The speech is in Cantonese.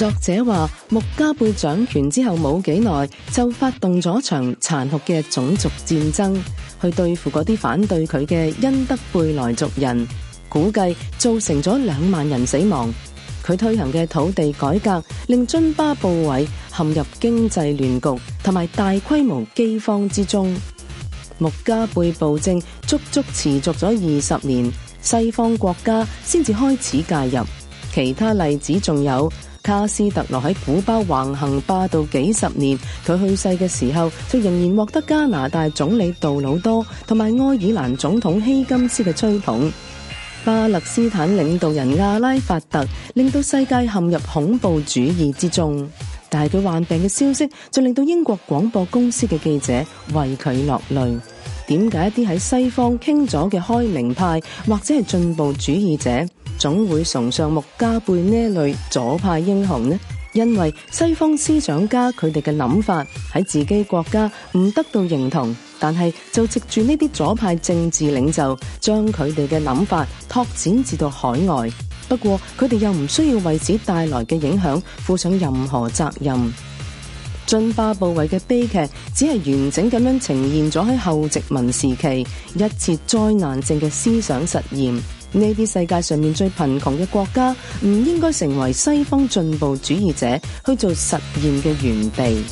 作者話：穆加貝掌權之後冇幾耐，就發動咗場殘酷嘅種族戰爭，去對付嗰啲反對佢嘅恩德貝萊族人，估計造成咗兩萬人死亡。佢推行嘅土地改革，令津巴布韋陷入經濟亂局同埋大規模饑荒之中。穆加貝暴政足足持續咗二十年，西方國家先至開始介入。其他例子仲有：卡斯特羅喺古巴橫行霸道幾十年，佢去世嘅時候，就仍然獲得加拿大總理杜魯多同埋愛爾蘭總統希金斯嘅吹捧。巴勒斯坦領導人阿拉法特令到世界陷入恐怖主義之中，但係佢患病嘅消息就令到英國廣播公司嘅記者為佢落淚。點解一啲喺西方傾咗嘅開明派或者係進步主義者，總會崇尚穆加貝呢類左派英雄呢？因為西方思想家佢哋嘅諗法喺自己國家唔得到認同，但係就藉住呢啲左派政治領袖，將佢哋嘅諗法拓展至到海外。不過佢哋又唔需要為此帶來嘅影響負上任何責任。津巴布韋嘅悲劇，只係完整咁樣呈現咗喺後殖民時期一切災難性嘅思想實驗。呢啲世界上面最貧窮嘅國家，唔應該成為西方進步主義者去做實驗嘅園地。